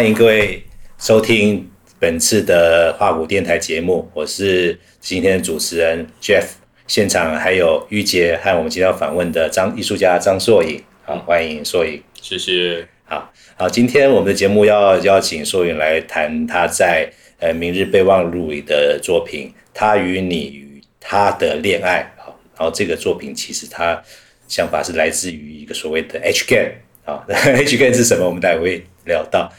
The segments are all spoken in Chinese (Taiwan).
歡迎各位收聽本次的華股電台節目，我是今天的主持人 Jeff，現場還有玉潔和我們今天要訪問的張藝術家張碩尹，好，歡迎碩尹，謝謝，好，好，今天我們的節目要邀請碩尹來談他在呃《明日備忘錄》裡的作品，她與你與她的戀愛，好，然後這個作品其實他想法是來自於一個所謂的 H Game 啊，H Game 是什麼，我們待會聊到。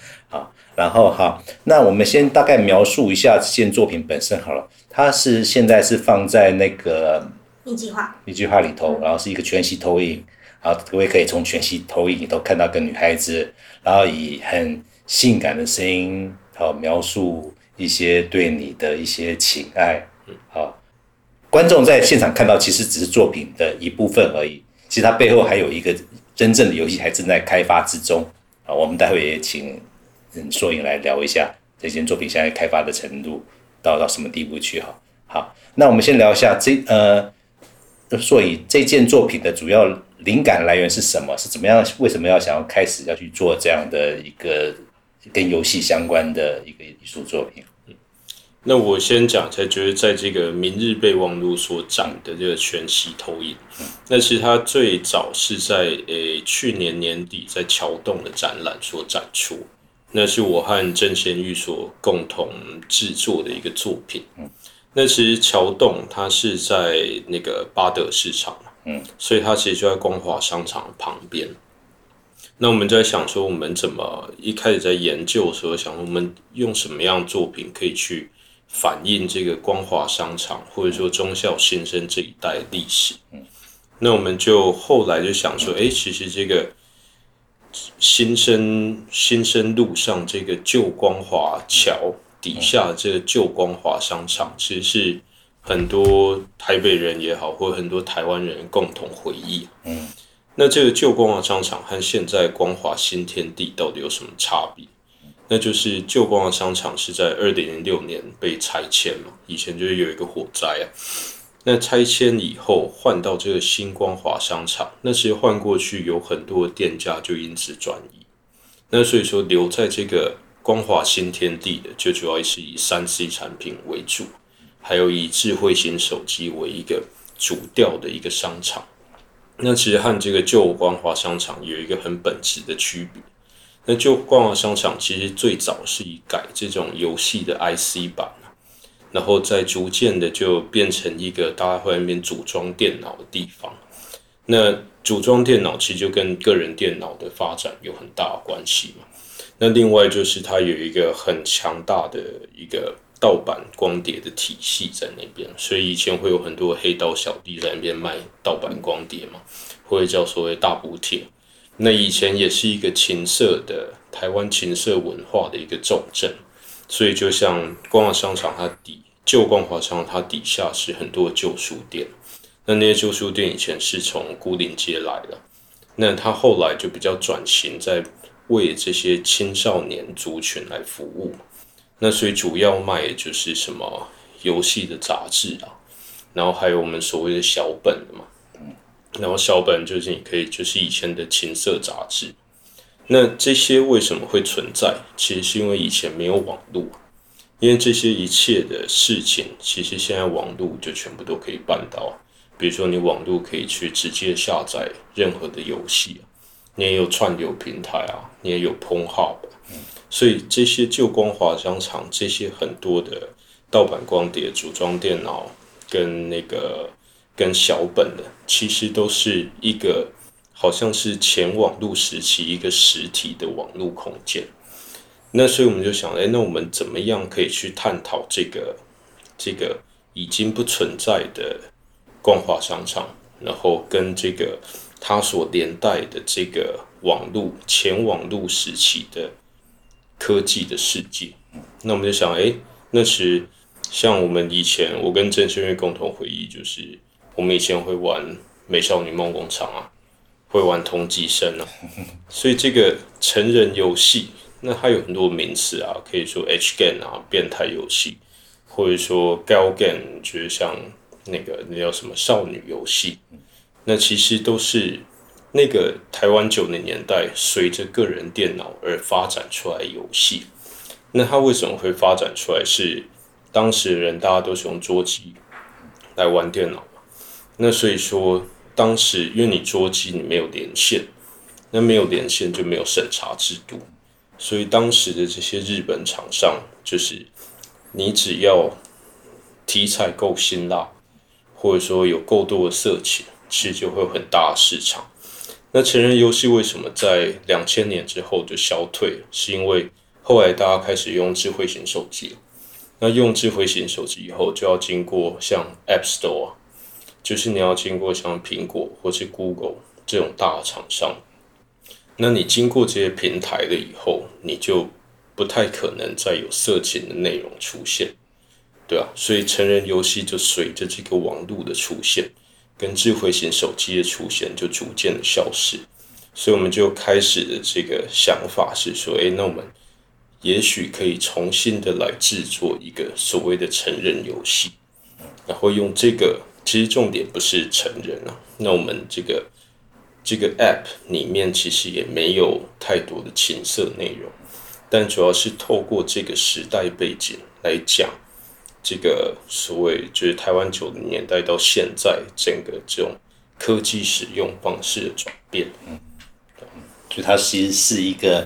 然後好，那我們先大概描述一下這件作品本身好了。它是現在是放在那個一句話一句話裡頭，然後是一個全息投影，好，各位可以從全息投影裡頭看到一個女孩子，然後以很性感的聲音，好，描述一些對你的一些情愛。好，觀眾在現場看到其實只是作品的一部分而已，其實它背後還有一個真正的遊戲還正在開發之中。好，我們待會也請。嗯，所以來聊一下這件作品現在開發的程度到到什麼地步去哈？好，那我們先聊一下這呃，所以這件作品的主要靈感來源是什麼？是怎麼樣？為什麼要想要開始要去做這樣的一個跟遊戲相關的一個藝術作品？嗯，那我先講一下，就是在這個《明日備忘錄》所展的這個全息投影、嗯，那其實它最早是在誒、呃、去年年底在橋洞的展覽所展出。那是我和鄭賢玉所共同製作的一個作品。那其實橋洞它是在那個八德市場，嗯，所以它其實就在光華商場旁邊。那我們就在想說，我們怎麼一開始在研究的時候想說，我們用什麼樣的作品可以去反映這個光華商場，或者說忠孝新生這一代歷史？嗯，那我們就後來就想說，誒，其實這個。新生新生，路上這個舊光華橋底下這個舊光華商場，其實是很多台北人也好，或很多台灣人共同回憶。嗯，那這個舊光華商場和現在光華新天地到底有什麼差別？那就是舊光華商場是在二零零六年被拆遷了，以前就是有一個火災啊。那拆遷以後換到這個新光華商場，那其實換過去有很多店家就因此轉移。那所以說留在這個光華新天地的，就主要是以三 C 產品為主，還有以智慧型手機為一個主調的一個商場。那其實和這個舊光華商場有一個很本質的區別。那舊光華商場其實最早是以改這種遊戲的 IC 板。然後再逐漸的就變成一個大家會在那邊組裝電腦的地方。那組裝電腦其實就跟個人電腦的發展有很大的關係嘛。那另外就是它有一個很強大的一個盜版光碟的體系在那邊，所以以前會有很多黑道小弟在那邊賣盜版光碟嘛，會叫所謂大補帖。那以前也是一個情色的台灣情色文化的一個重鎮。所以，就像光華商場，它底舊光華商場，它底下是很多舊書店。那那些舊書店以前是從牯嶺街來的，那它後來就比較轉型，在為這些青少年族群來服務。那所以主要賣的就是什麼遊戲的雜誌啊，然後還有我們所謂的小本的嘛。嗯。然後小本就是你可以，就是以前的情色雜誌。那這些為什麼會存在？其實是因為以前沒有網絡啊，因為這些一切的事情，其實現在網絡就全部都可以辦到。比如說，你網絡可以去直接下載任何的遊戲啊，你也有串流平台啊，你也有 PornHub 啊，所以這些舊光華商場這些很多的盜版光碟、組裝電腦跟那個跟小本的，其實都是一個。好像是前網路時期一個實體的網路空間，那所以我們就想，哎、欸，那我們怎麼樣可以去探討這個這個已經不存在的光華商場，然後跟這個它所連帶的這個網路前網路時期的科技的世界？那我們就想，哎、欸，那時像我們以前，我跟鄭先喻共同回憶，就是我們以前會玩《美少女夢工廠》啊。會玩同級生啊，所以這個成人遊戲，那它有很多名詞啊，可以說 H game 啊，變態遊戲，或者說 Gal game，就是像那個那叫什麼少女遊戲。那其實都是那個台灣九零年代隨着個人電腦而發展出來遊戲。那它為什麼會發展出來是？是當時人大家都使用桌機來玩電腦，那所以說。當時因為你桌機，你沒有連線，那沒有連線就沒有審查制度，所以當時的這些日本廠商就是，你只要題材夠辛辣，或者說有夠多的色情，其實就會有很大的市場。那成人遊戲為什麼在兩千年之後就消退？是因為後來大家開始用智慧型手機了，那用智慧型手機以後，就要經過像 App Store 啊，就是你要經過像蘋果或是 Google 這種大廠商，那你經過這些平台了以後，你就不太可能再有色情的內容出現，對啊，所以成人遊戲就隨着這個網絡的出現，跟智慧型手機的出現，就逐漸的消失。所以我們就開始的這個想法是說，誒，那我們也許可以重新的來製作一個所謂的成人遊戲，然後用這個。其實重點，不是成人啊，那我們這個這個 app 裡面其實也沒有太多的情色內容，但主要是透過這個時代背景來講，這個所謂就是台灣九零年代到現在整個這種科技使用方式的轉變，嗯，對。就它其實是一個。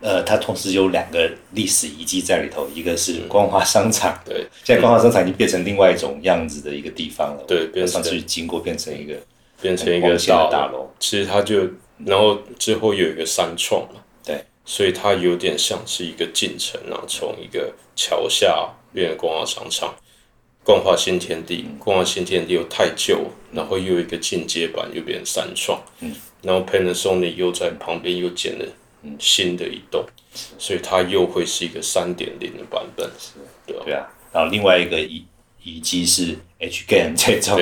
呃，它同時有兩個歷史遺跡在裡頭，一個是光華商場、嗯，對，現在光華商場已經變成另外一種樣子的一個地方了，嗯、對，它上次經過變成一個變成一個大樓，其實它就然後之後又有一個三創嘛，對、嗯，所以它有點像是一個進程、啊，然後從一個橋下變成光華商場，光華新天地，光華新天地又太舊，然後又有一個進階版又變成三創，嗯，然後 Panasonic 又在旁邊又建了。新的移動，所以它又會是一個三點零的版本，是的，對、啊，對啊，然後另外一個以、以及是 H Game 這種，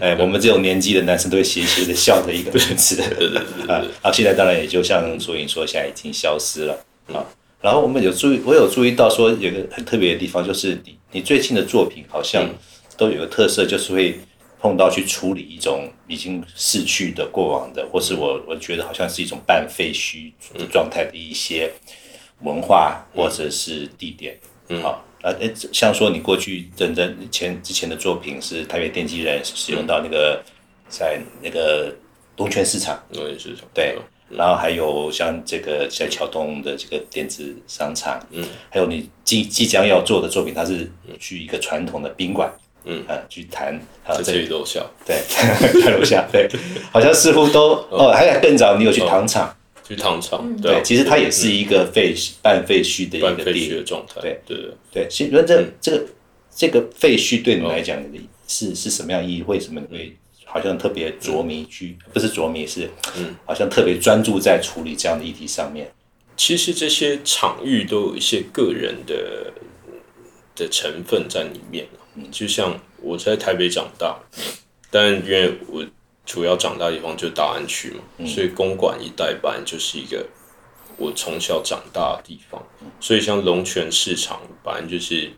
哎、欸，我們這種年紀的男生都會邪邪的笑的一個名詞 啊，然後現在當然也就像卓穎說，現在已經消失了啊。然後我們有注意，我有注意到說有個很特別的地方，就是你你最近的作品好像都有個特色，就是會。碰到去處理一種已經逝去的過往的，或是我我覺得好像是一種半廢墟狀態的一些文化或者是地點，嗯，嗯好，啊、呃，像說你過去真正前，前之前的作品是台北電機人使用到那個、嗯、在那個東圈市場，嗯、對，是這種。對，然後還有像這個在橋東的這個電子商場，嗯，還有你即即將要做的作品，它是去一個傳統的賓館。嗯啊，去談、嗯，這些都下對，樓 下，對，好像似乎都 哦，哦，還有更早，你有去糖廠、哦，去糖廠、嗯，對，其實它也是一個廢、嗯、半廢墟的一個墟的狀態，對，對，對，對，對。所以，說這這個、嗯、這個廢、這個、墟對你來講、哦、是是什麼樣意義？為什麼你會好像特別着迷居？去、嗯、不是着迷，是嗯，好像特別專注在處理這樣的議題上面。其實這些場域都有一些個人的的成分在裡面。就像我在台北長大，嗯、但因為我主要長大的地方就是大安區嘛、嗯，所以公館一帶本來就是一個我從小長大的地方。嗯、所以像龍泉市場本來就是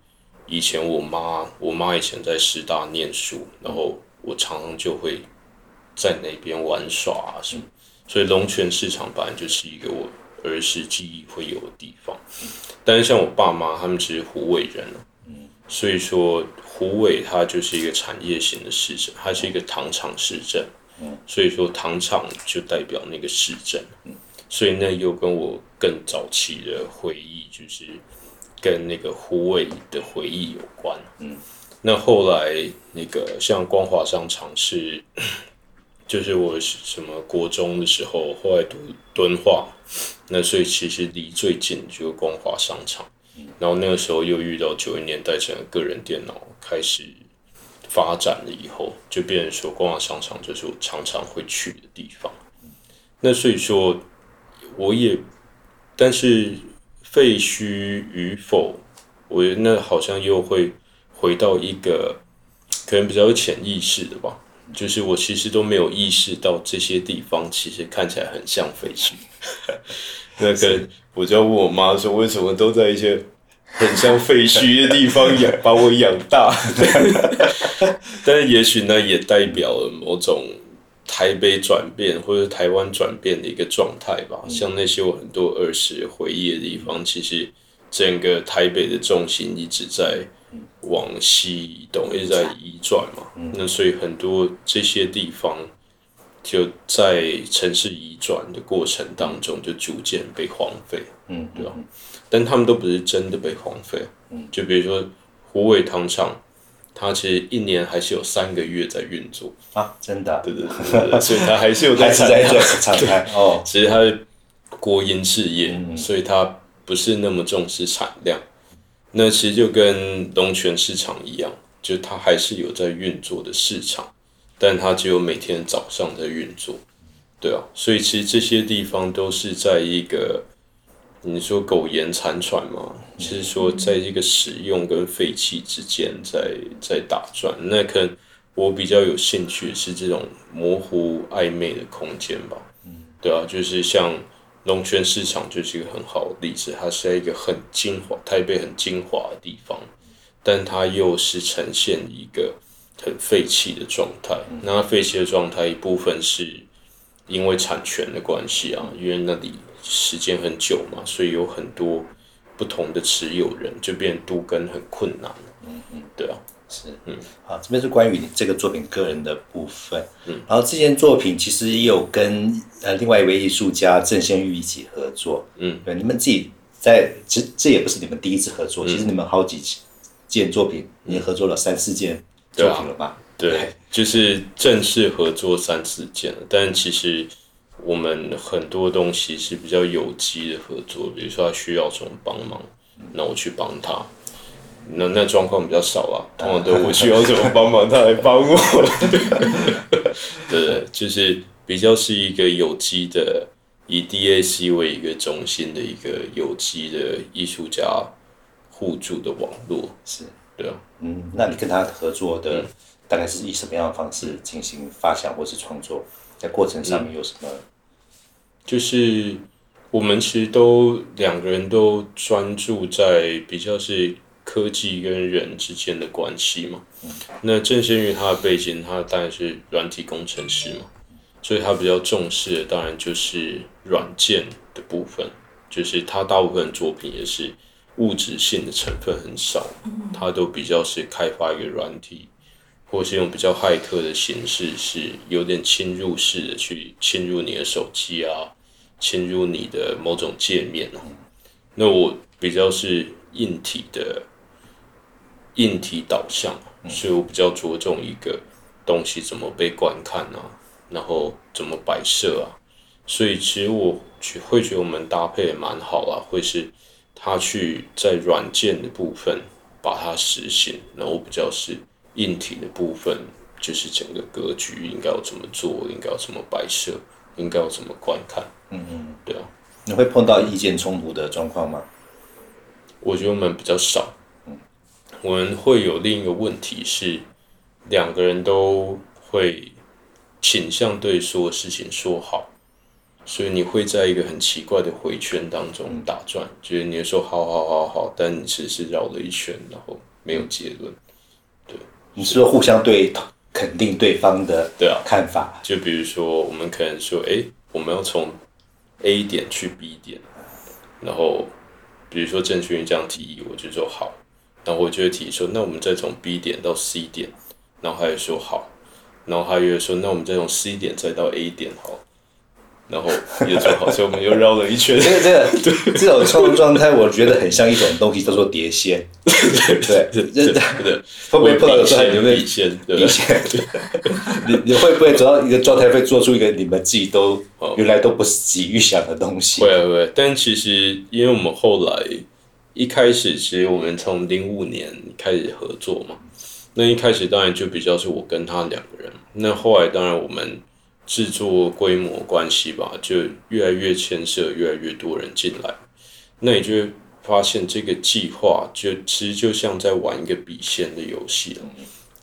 以前我媽，我媽以前在師大念書、嗯，然後我常常就會在那邊玩耍啊什麼。嗯、所以龍泉市場本來就是一個我兒時記憶會有的地方。嗯、但是像我爸媽他們其實湖北人、啊。所以說，虎尾他就是一個產業型的市政，他是一個糖廠市政，所以說糖廠就代表那個市政，所以那又跟我更早期的回憶，就是跟那個虎尾的回憶有關。嗯，那後來那個像光華商場是，就是我什麼國中的時候，後來讀敦化，那所以其實離最近就是光華商場。然後那個時候又遇到九零年代，成個，個人電腦開始發展了以後，就變成說逛逛商場就是我常常會去的地方。那所以說，我也，但是廢墟與否，我覺得那好像又會回到一個可能比較有潛意識的吧，就是我其實都沒有意識到這些地方其實看起來很像廢墟。 那個，我就要問我媽說為什麼都在一些很像廢墟的地方養把我養大 但是也許呢，也代表了某種台北轉變或者台灣轉變的一個狀態吧。像那些我很多兒時回憶的地方，其實整個台北的重心一直在往西移動，一直在移轉嘛。那所以很多這些地方。就在城市移轉的過程當中，就逐漸被荒廢。嗯，對吧、嗯、但他們都不是真的被荒廢。嗯，就比如說虎尾糖廠，他其實一年還是有三個月在運作。啊，真的、啊？對對，對對對，所以他還是有在產在產在哦。其實他是國營事業、嗯，所以他不是那麼重視產量。嗯、那其實就跟龍泉市場一樣，就是他還是有在運作的市場。但它只有每天早上在運作，對啊。所以其實這些地方都是在一個，你說苟延殘喘嘛，就是說在這個使用跟廢棄之間在在打轉。那可能我比較有興趣是這種模糊曖昧的空間吧。嗯，對啊，就是像龍泉市場就是一個很好的例子，它是在一個很精華、台北很精華的地方，但它又是呈現一個。很廢棄的狀態，那廢棄的狀態一部分是因為產權的關係啊，因為那裡時間很久嘛，所以有很多不同的持有人，就變都跟很困難。嗯嗯，對啊，是，嗯，好，這邊是關於你這個作品個人的部分。嗯，然後這件作品其實也有跟呃另外一位藝術家鄭先玉一起合作。嗯，對，你們自己在，其實這也不是你們第一次合作，嗯、其實你們好幾件作品已經、嗯、合作了三四件。吧、啊？對，就是正式合作三四件了。但其實我們很多東西是比較有機的合作，比如說他需要什麼幫忙，那我去幫他。那那狀況比較少啊，他們都不需要什麼幫忙，他來幫我。 對，就是比較是一個有機的，以 DAC 為一個中心的一個有機的藝術家互助的網絡。是。嗯，那你跟他合作的、嗯、大概是以什麼樣的方式進行發想或是創作？在過程上面有什麼？就是我們其實都兩個人都專注在比較是科技跟人之間的關係嘛。嗯、那鄭先喻他的背景，他當然是軟體工程師嘛、嗯，所以他比較重視的當然就是軟件的部分，就是他大部分的作品也是。物質性的成分很少，它都比較是開發一個軟體，或是用比較駭客的形式，是有點侵入式的去侵入你的手機啊，侵入你的某種界面哦，啊。那我比較是硬體的，硬體導向，所以我比較着重一個東西怎麼被觀看啊，然後怎麼擺設啊。所以其實我覺會覺得我們搭配也蠻好啊，會是。他去在軟件的部分把它實現，然後比較是硬體的部分，就是整個格局應該要怎麼做，應該要怎麼擺設，應該要怎麼觀看。嗯嗯，對啊。你會碰到意見衝突的狀況嗎？我覺得我們比較少。嗯，我們會有另一個問題是，兩個人都會傾向對所有事情說好。所以你會在一個很奇怪的回圈當中打轉，覺、嗯、得、就是、你會說好好好好，但你只是繞了一圈，然後沒有結論。對，你是說互相對肯定對方的的看法、啊？就比如說，我們可能說，哎，我們要從 A 點去 B 點，然後比如說鄭群這樣提議，我就說好，然後我就會提議說，那我們再從 B 點到 C 點，然後他也說好，然後他也會說，那我們再從 C 點再到 A 點好。 然後也正好，所以我們又繞了一圈。這個這個，這種創作狀態，我覺得很像一種東西，叫做碟仙。對對，真的，會不會碰到狀態？你會碟仙？碟仙，對？你你會不會走到一個狀態，會做出一個你們自己都原來都不是自己預想的東西？會會。但其實，因為我們後來一開始，其實我們從零五年開始合作嘛，那一開始當然就比較是我跟他兩個人。那後來當然我們。製作規模關係吧，就越來越牽涉，越來越多人進來，那你就會發現這個計劃就其實就像在玩一個筆仙的遊戲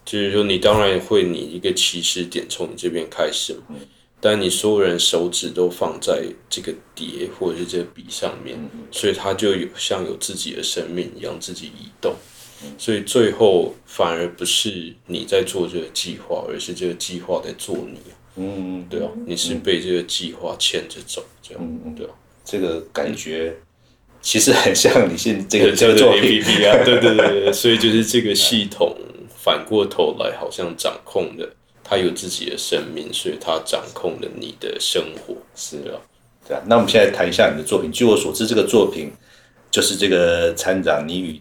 就是說，你當然會擬一個起始點從你這邊開始，但你所有人手指都放在這個碟或者是這個筆上面，所以它就有像有自己的生命一樣自己移動。所以最後反而不是你在做這個計劃，而是這個計劃在做你。嗯，嗯，對哦、啊，你是被這個計劃牽着走，嗯、這樣，嗯嗯，對哦、啊，這個感覺、嗯、其實很像你現在這個做、這個這個、APP 啊，對對對，對， 所以就是這個系統反過頭來好像掌控了，他有自己的生命，嗯、所以他掌控了你的生活，是啊，對啊。那我們現在談一下你的作品，據我所知，這個作品就是這個參展，你與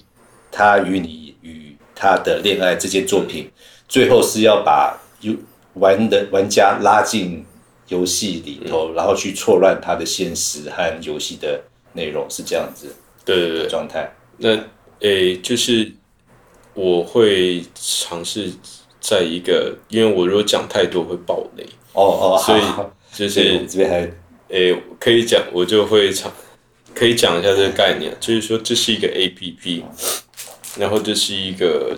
他與你與他的戀愛這件作品，嗯、最後是要把有。嗯玩的玩家拉進遊戲裡頭、嗯，然後去錯亂他的現實和遊戲的內容，是這樣子的。對對，對，狀態。那誒、欸，就是我會嘗試在一個，因為我如果講太多會爆雷。哦哦，所以就是好好、就是欸、這邊還誒、欸、可以講，我就會嘗可以講一下這個概念， 就是說這是一個 APP，然後這是一個。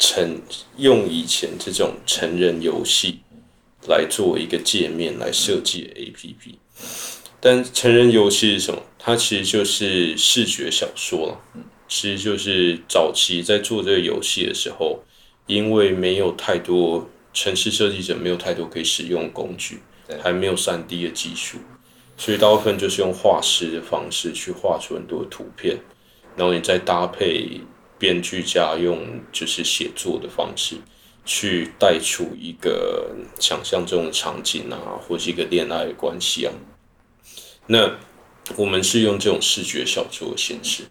成用以前這種成人遊戲來做一個界面，來設計的 APP，但成人遊戲是什麼？它其實就是視覺小說了、嗯。其實就是早期在做這個遊戲的時候，因為沒有太多程式設計者沒有太多可以使用工具，對，還沒有三 D 的技術，所以大部分就是用畫師的方式去畫出很多圖片，然後你再搭配，編劇家用就是寫作的方式去帶出一個想象中的場景啊，或是一個戀愛的關係啊。那我們是用這種視覺小說的形式，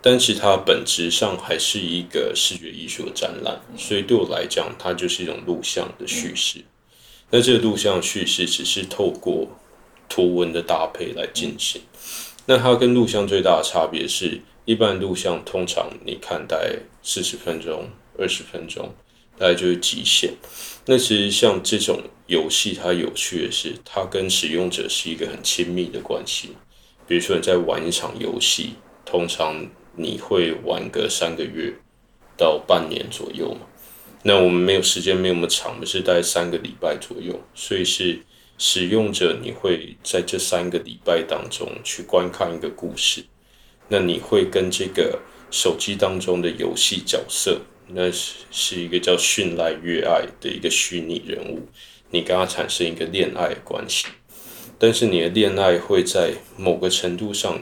但是它本質上還是一個視覺藝術的展覽，所以對我來講，它就是一種錄像的敘事。那這個錄像敘事只是透過圖文的搭配來進行。那它跟錄像最大的差別是。一般錄像通常你看大概四十分鐘、二十分鐘，大概就是極限。那其實像這種遊戲，它有趣的是，它跟使用者是一個很親密的關係。比如說你在玩一場遊戲，通常你會玩個三個月到半年左右嘛。那我們沒有時間，沒有那麼長，是大概三個禮拜左右。所以是使用者，你會在這三個禮拜當中去觀看一個故事。那你會跟這個手機當中的遊戲角色，那是是一個叫“絢爛越愛”的一個虛擬人物，你跟他產生一個戀愛關係。但是你的戀愛會在某個程度上，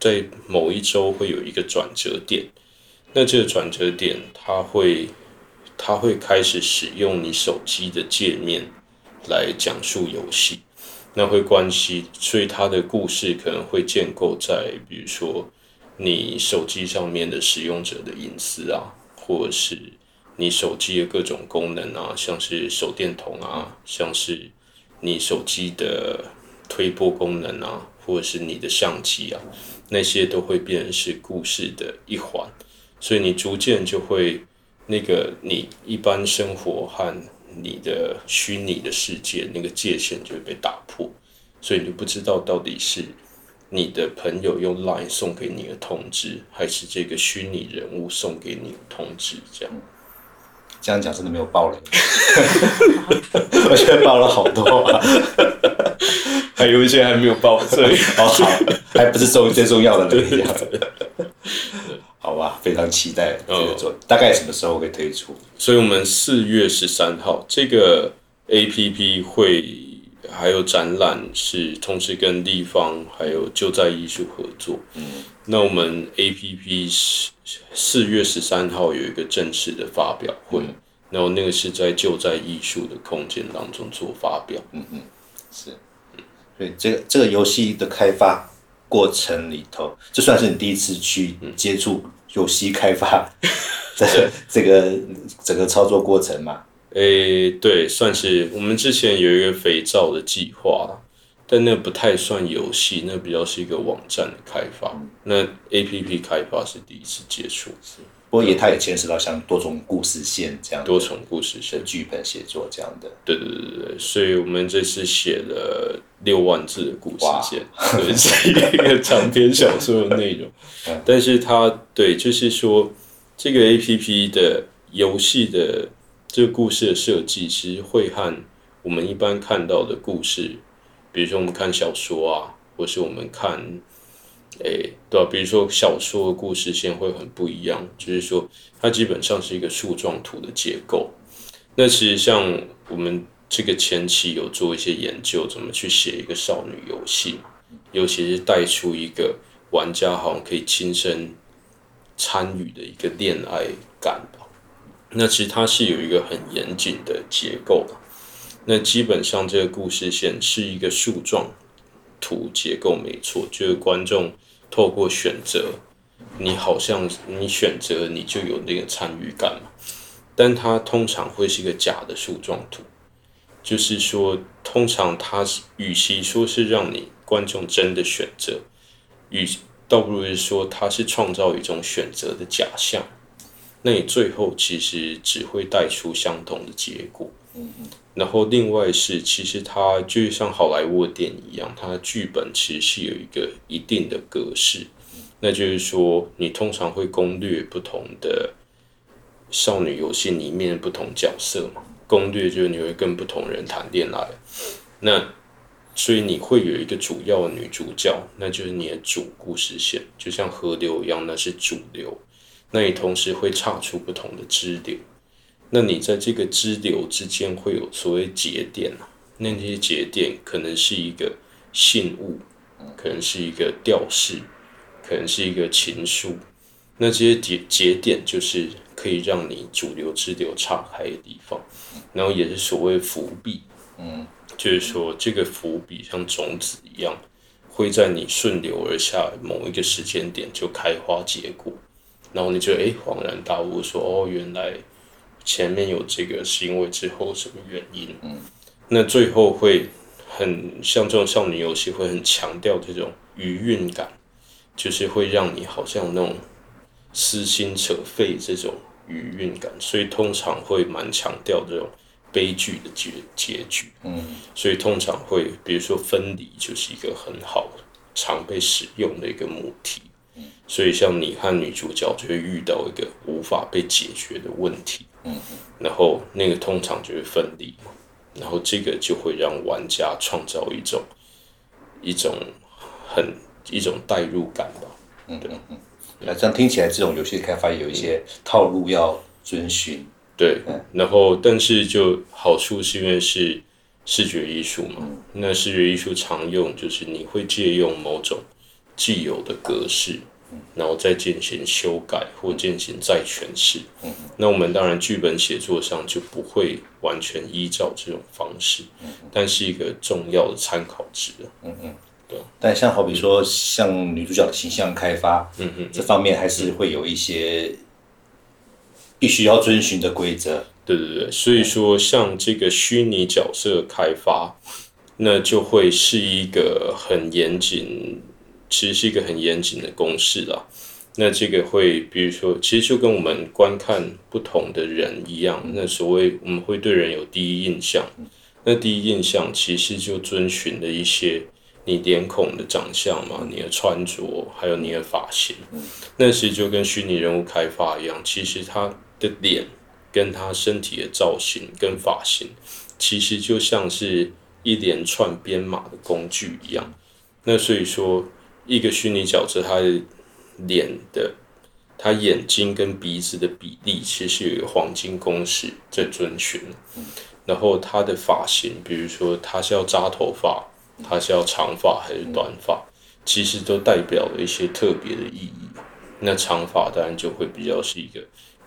在某一周會有一個轉折點。那這個轉折點，它會，它會開始使用你手機的界面來講述遊戲。那會關係，所以他的故事可能會建構在，比如說你手機上面的使用者的隱私啊，或者是你手機的各種功能啊，像是手電筒啊，像是你手機的推播功能啊，或者是你的相機啊，那些都會變成是故事的一環，所以你逐漸就會那個你一般生活和你的虛擬的世界那個界限就會被打破，所以你就不知道到底是你的朋友用 Line 送給你的通知，還是這個虛擬人物送給你的通知這、嗯。這樣這樣講真的沒有爆了。 我現在爆了好多，啊， 還有一些還沒有爆，所以還、 哦、好，還不是最最重要的那樣子。非常期待這個做、哦，大概什麼時候會推出？所以，我們四月十三號這個 A P P 會還有展覽，是同時跟立方還有就在藝術合作。嗯，那我們 A P P 是四月十三號有一個正式的發表會，然、嗯、後那個是在就在藝術的空間當中做發表。嗯嗯，是，嗯，所以這個這個遊戲的開發過程裡頭，這算是你第一次去接觸、嗯。遊戲開發， 這個這個整個操作過程嘛 ？誒、欸，對，算是我們之前有一個肥皂的計劃，但那不太算遊戲，那比較是一個網站的開發，那 A P P 開發是第一次接觸。不過也，它也牽涉到像多重故事線這樣，多重故事線劇本寫作這樣的。對對對對，所以我們這次寫了六萬字的故事線，對，是一個長篇小說的內容。 但是它對，就是說這個 APP 的遊戲的這個故事的設計，其實會和我們一般看到的故事，比如說我們看小說啊，或是我們看。欸，對吧？比如說小說的故事線會很不一樣，就是說它基本上是一個樹狀圖的結構。那其實像我們這個前期有做一些研究，怎麼去寫一個少女遊戲，尤其是帶出一個玩家好像可以親身參與的一個戀愛感吧。那其實它是有一個很嚴謹的結構。那基本上這個故事線是一個樹狀圖結構，沒錯，就是觀眾。透過選擇，你好像你選擇，你就有那個參與感嘛。但它通常會是一個假的樹狀圖，就是說，通常它是與其說是讓你觀眾真的選擇，與倒不如是說，它是創造一種選擇的假象。那你最後其實只會帶出相同的結果。嗯，然後另外是，其實它就像好萊塢電影一樣，它的劇本其實是有一個一定的格式。那就是說，你通常會攻略不同的少女遊戲裡面的不同角色，攻略就是你會跟不同人談戀愛。那所以你會有一個主要的女主角，那就是你的主故事線，就像河流一樣，那是主流。那，你同時會岔出不同的支流，那你在這個支流之間會有所謂節點啊，那這些節點可能是一個信物，可能是一個吊飾，可能是一個情書，那這些節節點就是可以讓你主流支流岔開的地方，然後也是所謂伏筆，嗯，就是說這個伏筆像種子一樣，會在你順流而下某一個時間點就開花結果。然後你就得，欸、恍然大悟，說哦，原來前面有這個是因為之後什麼原因？嗯，那最後會很像這種少女遊戲，會很強調這種餘韻感，就是會讓你好像那種撕心扯肺這種餘韻感，所以通常會蠻強調這種悲劇的結結局。嗯，所以通常會，比如說分離，就是一個很好常被使用的一個母題。所以，像你和女主角就會遇到一個無法被解決的問題，嗯，然後那個通常就會分離，然後這個就會讓玩家創造一種一種很一種代入感吧，嗯，對，那、嗯、這樣聽起來，這種遊戲開發有一些套路要遵循，嗯、對、嗯，然後但是就好處是因為是視覺藝術嘛、嗯，那視覺藝術常用就是你會借用某種既有的格式。然後再進行修改或進行再詮釋、嗯。那我們當然劇本寫作上就不會完全依照這種方式，嗯嗯、但是一個重要的參考值。嗯嗯，對。但像好比說、嗯、像女主角的形象開發，嗯嗯，這方面還是會有一些必須要遵循的規則。嗯嗯、對對對，所以說像這個虛擬角色開發，那就會是一個很嚴謹。其實是一個很嚴謹的公式啦。那這個會，比如說，其實就跟我們觀看不同的人一樣。那所謂我們會對人有第一印象，那第一印象其實就遵循了一些你臉孔的長相嘛，你的穿着，還有你的髮型。嗯、那其實就跟虛擬人物開發一樣，其實他的臉跟他身體的造型跟髮型，其實就像是一連串編碼的工具一樣。那所以說。一個虛擬角色，他的臉的，他眼睛跟鼻子的比例，其實是有一個黃金公式在遵循，嗯。然後他的髮型，比如說他是要扎頭髮，嗯、他是要長髮還是短髮，嗯，其實都代表了一些特別的意義。那長髮當然就會比較是一個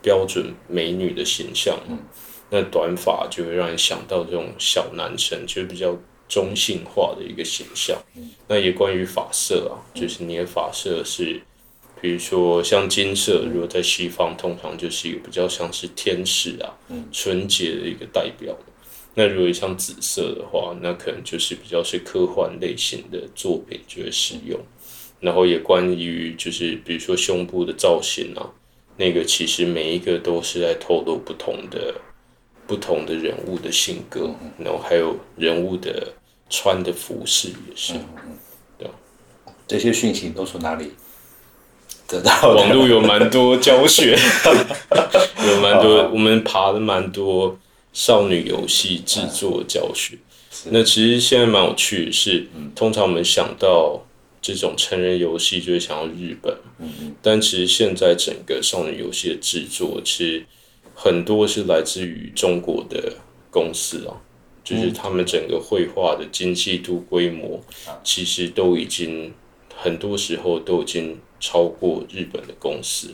標準美女的形象嘛，嗯，那短髮就會讓人想到這種小男生，就是比較。中性化的一個形象，那也關於髮色啊，就是你的髮色是，比如說像金色，如果在西方通常就是一個比較像是天使啊，純潔的一個代表。那如果像紫色的話，那可能就是比較是科幻類型的作品就會使用。然後也關於就是比如說胸部的造型啊，那個其實每一個都是在透露不同的不同的人物的性格，然後還有人物的。穿的服飾也是、啊，嗯嗯，對這些訊息都從哪裡得到的？網絡有蠻多教學， 有蠻蠻多 我們爬了蠻多少女遊戲製作教學、嗯。那其實現在蠻有趣的是，是通常我們想到這種成人遊戲，就會想到日本。嗯嗯，但其實現在整個少女遊戲的製作，其實很多是來自於中國的公司哦、啊。就是他們整個繪畫的精細度、規模，其實都已經很多時候都已經超過日本的公司。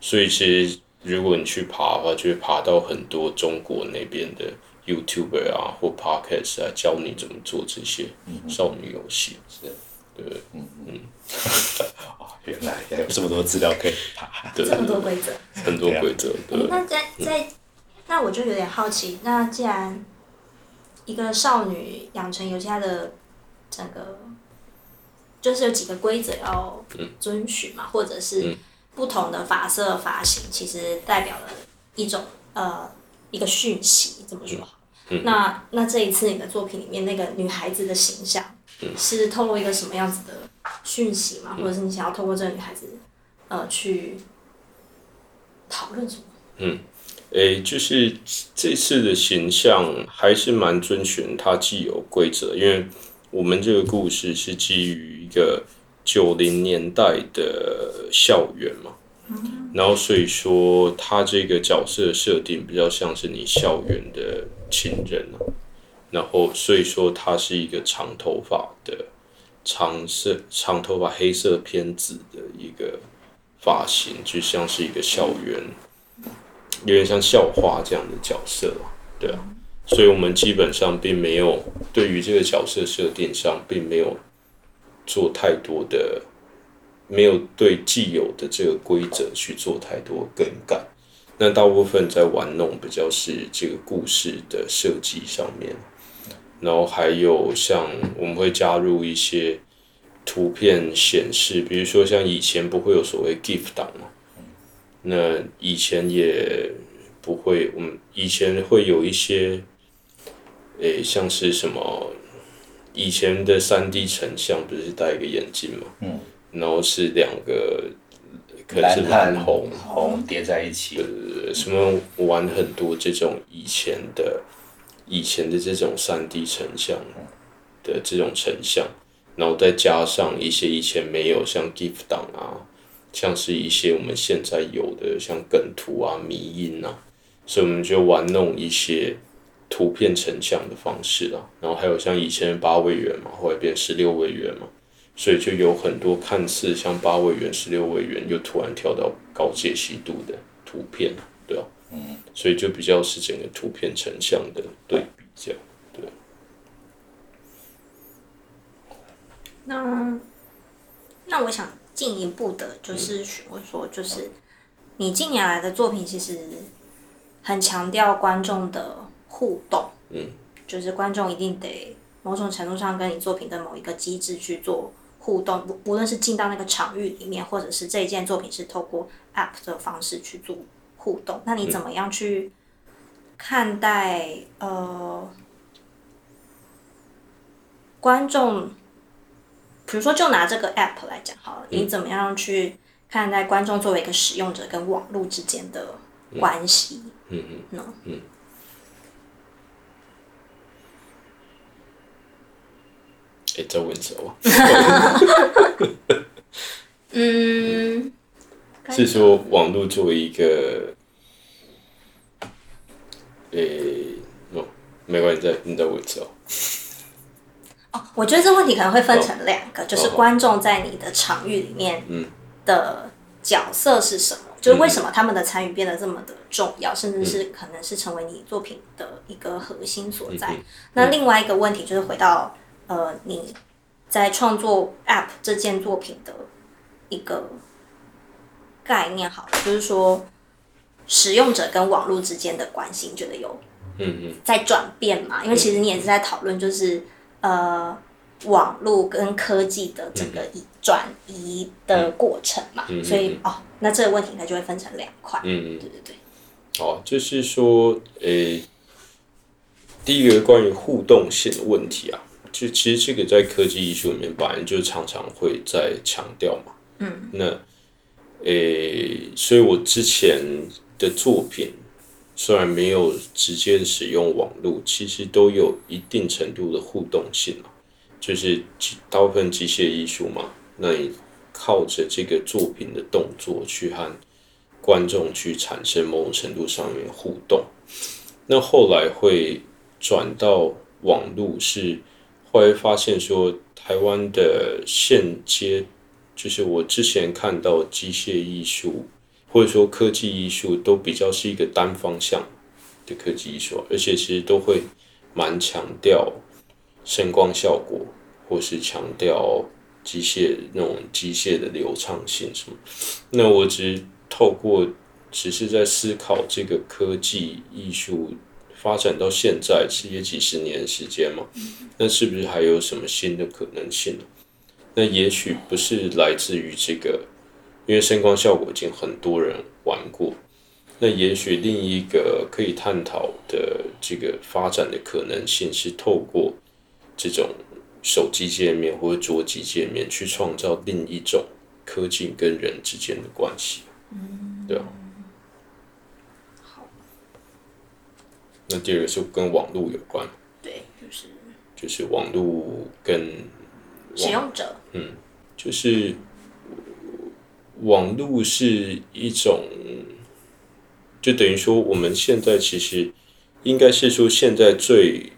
所以其實如果你去爬的話，就會爬到很多中國那邊的 YouTuber 啊或 Podcast 啊，教你怎麼做這些少女遊戲、嗯，對對？嗯嗯。 原來有麼 這麼多資料可以爬，對，很多規則，很多規則。那在在那我就有點好奇，那既然。一個少女養成遊戲它的整個，就是有幾個規則要遵循嘛、嗯，或者是不同的髮色髮型其實代表了一種呃一個訊息，怎麼說？好、嗯嗯。那那這一次你的作品裡面那個女孩子，的形象，是透露一個什麼樣子的訊息嘛、嗯？或者是你想要透過這個女孩子呃去討論什麼？嗯。哎、欸，就是這次的形象還是蠻遵循它既有規則，因為我們這個故事是基於一個九零年代的校園嘛，然後所以說它這個角色設定比較像是你校園的情人、啊，然後所以說它是一個長頭髮的長色長頭髮黑色偏紫的一個髮型，就像是一個校園。有點像校花這樣的角色，對啊，所以我們基本上並沒有對於這個角色設定上，並沒有做太多的，沒有對既有的這個規則去做太多更改。那大部分在玩弄比較是這個故事的設計上面，然後還有像我們會加入一些圖片顯示，比如說像以前不會有所謂 GIF 檔嘛。那以前也不會，嗯，以前會有一些，誒、欸，像是什麼，以前的三 D 成像不是戴一個眼鏡嘛，嗯，然後是兩個，可是紅藍紅紅疊在一起，什麼、嗯、玩很多這種以前的，以前的這種三 D 成像的這種成像，然後再加上一些以前沒有像 gif 檔啊。像是一些我們現在有的，像梗圖啊、迷因吶，所以我們就玩弄一些圖片成像的方式啊，然後還有像以前八位元嘛，後來變十六位元嘛，所以就有很多看似像八位元、十六位元，又突然跳到高解析度的圖片，對吧？啊？嗯，所以就比較是整個圖片成像的對比較，嗯，對。那，那我想。進一步的，就是學我說，就是你近年來的作品，其實很強調觀眾的互動，嗯，就是觀眾一定得某種程度上跟你作品的某一個機制去做互動，不不論是進到那個場域裡面，或者是這一件作品是透過 App 的方式去做互動，那你怎麼樣去看待呃觀眾？比如說，就拿這個 app 來講好了，嗯，你怎麼樣去看待觀眾作為一個使用者跟網絡之間的關係？嗯嗯嗯。哎，再溫柔。嗯、是、嗯、說、嗯嗯欸 很熟 嗯嗯、網絡作為一個……誒、欸。不、哦，沒關係，再你再問一次。我覺得這個問題可能會分成兩個，就是觀眾在你的場域裡面的角色是什麼？就是為什麼他們的參與變得這麼的重要，甚至是可能是成為你作品的一個核心所在。那另外一個問題就是回到呃，你在創作 App 這件作品的一個概念，好了，就是說使用者跟網絡之間的關係，你覺得有嗯嗯在轉變嗎？因為其實你也是在討論就是。呃，網絡跟科技的整個轉移的過程嘛，嗯嗯嗯嗯、所以哦，那這個問題應該就會分成兩塊。嗯，對對對。哦，就是說，誒、欸，第一個關於互動性的問題啊，就其實這個在科技藝術裡面，本來就常常會在強調嘛。嗯，那誒、欸，所以我之前的作品。雖然沒有直接使用網絡，其實都有一定程度的互動性，就是大部分機械藝術嘛，那你靠着這個作品的動作去和觀眾去產生某種程度上面互動。那後來會轉到網絡是，是後來會發現說台灣的現階，就是我之前看到機械藝術。或者說科技藝術都比較是一個單方向的科技藝術，而且其實都會蠻強調聲光效果，或是強調機械那種機械的流暢性什麼。那我只透過只是在思考這個科技藝術發展到現在是幾十年時間嘛，那是不是還有什麼新的可能性？那也許不是來自於這個。因為聲光效果已經很多人玩過，那也許另一個可以探討的這個發展的可能性是透過這種手機界面或者桌機界面去創造另一種科技跟人之間的關係。嗯，對啊。好。那第二個就跟網絡有關。對，就是就是網絡跟網使用者。嗯，就是。網絡是一種，就等於說我們現在其實應該是說現在最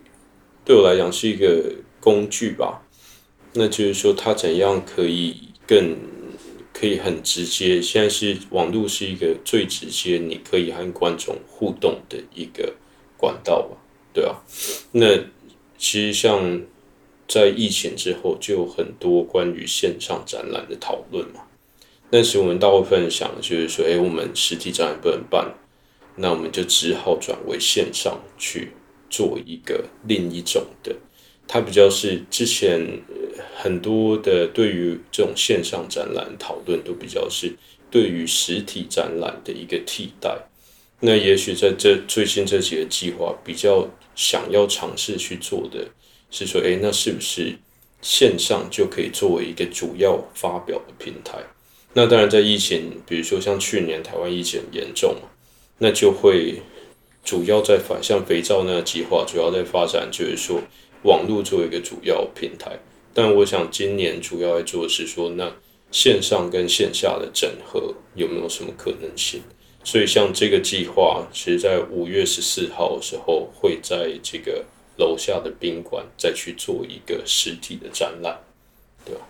對我來講是一個工具吧。那就是說它怎樣可以更可以很直接。現在是網絡是一個最直接，你可以和觀眾互動的一個管道吧，對啊，那其實像在疫情之後，就有很多關於線上展覽的討論嘛。那時我們大部分想就是說，哎、欸，我們實體展覽不能辦，那我們就只好轉為線上去做一個另一種的。它比較是之前很多的對於這種線上展覽討論都比較是對於實體展覽的一個替代。那也許在這最近這幾個計劃比較想要嘗試去做的，是說，哎、欸，那是不是線上就可以作為一個主要發表的平台？那當然，在疫情，比如說像去年台灣疫情很嚴重嘛，那就會主要在反向肥皂那個計劃，主要在發展就是說網絡做一個主要平台。但我想今年主要在做的是說，那線上跟線下的整合有沒有什麼可能性？所以像這個計劃，其實在五月十四號的時候，會在這個樓下的賓館再去做一個實體的展覽，對吧？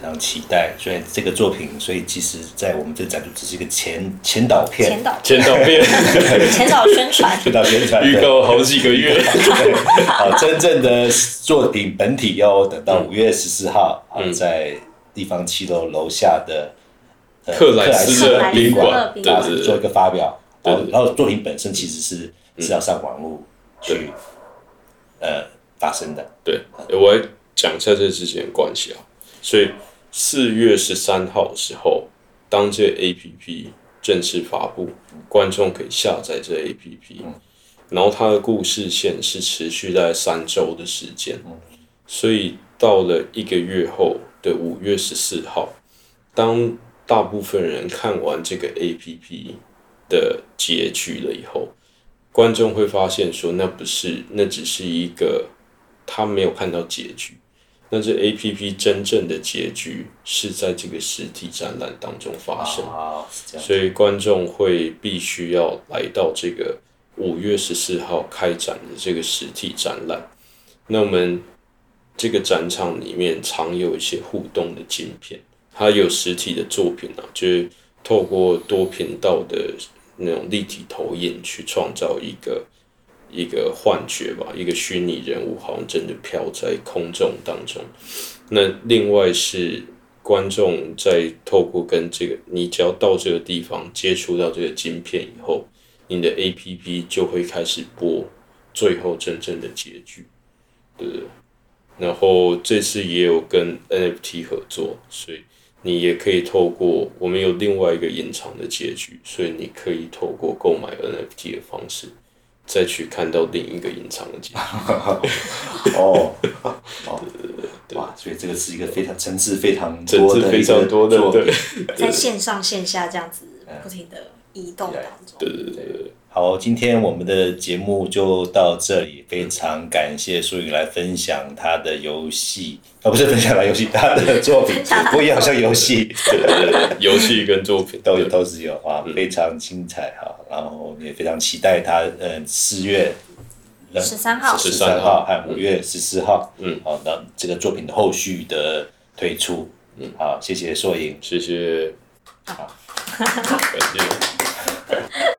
非常期待，所以這個作品，所以其實，在我們這展出只是一個前前導片，前導片前導片， 前導宣傳，宣傳，預告好幾個月。 好，真正的作品本體要等到五月十四號、嗯，啊，在地方七樓樓下的、呃、克萊斯勒賓館，對，對，做一個發表。然後，然後作品本身其實是、嗯、是要上網絡去對對對對呃發聲的。對，我講一下這之間的關係啊。所以四月十三號的時候，當這 A P P 正式發布，觀眾可以下載這 A P P，然後它的故事線是持續在三周的時間。所以到了一個月後的五月十四號，當大部分人看完這個 A P P 的結局了以後，觀眾會發現說，那不是，那只是一個他沒有看到結局。那這 APP 真正的結局是在這個實體展覽當中發生，好好，所以觀眾會必須要來到這個五月十四號開展的這個實體展覽。那我們這個展場裡面常有一些互動的鏡片，它有實體的作品啊，就是透過多頻道的那種立體投影去創造一個。一個幻覺吧，一個虛擬人物好像真的飄在空中當中。那另外是觀眾在透過跟這個，你只要到這個地方接觸到這個晶片，以後，你的 APP 就會開始播最後真正的結局，對不對？然後這次也有跟 NFT 合作，所以你也可以透過我們有另外一個隱藏的結局，所以你可以透過購買 NFT 的方式。再去看到另一個隱藏的景 哦， 哦 對對對對，哇！所以這個是一個非常層次非，非常多的，非常多的， 在線上線下這樣子不停的移動的當中， 對，對對對。對好，今天我們的節目就到這裡，非常感謝碩尹來分享他的遊戲，啊、哦，不是分享他遊戲，他的作品，不 要像遊戲，遊 戲跟作品都 都是有啊，非常精彩哈，然後我們也非常期待他，嗯，四月十三號、十三號和五月十四號，嗯，好，那這個作品的後續的推出，嗯，好，謝謝碩尹，謝謝，好， 好感